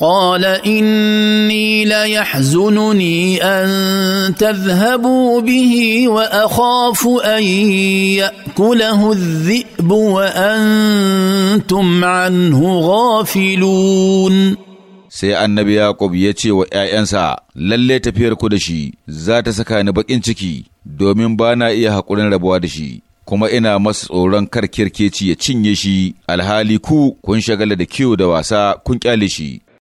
قال إني ليحزنني أن تذهبوا به وأخاف أن يأكله الذئب وأنتم عنه غافلون سي النبي ياقوب يتي وآيانسا للي تفير كدشي ذات سكاين بكينتكي دومين بانا إيه حقولنا ربوادشي kuma ina masu tsoron karkirkeci ya cinye shi alhali ku kun shagala da kiwo da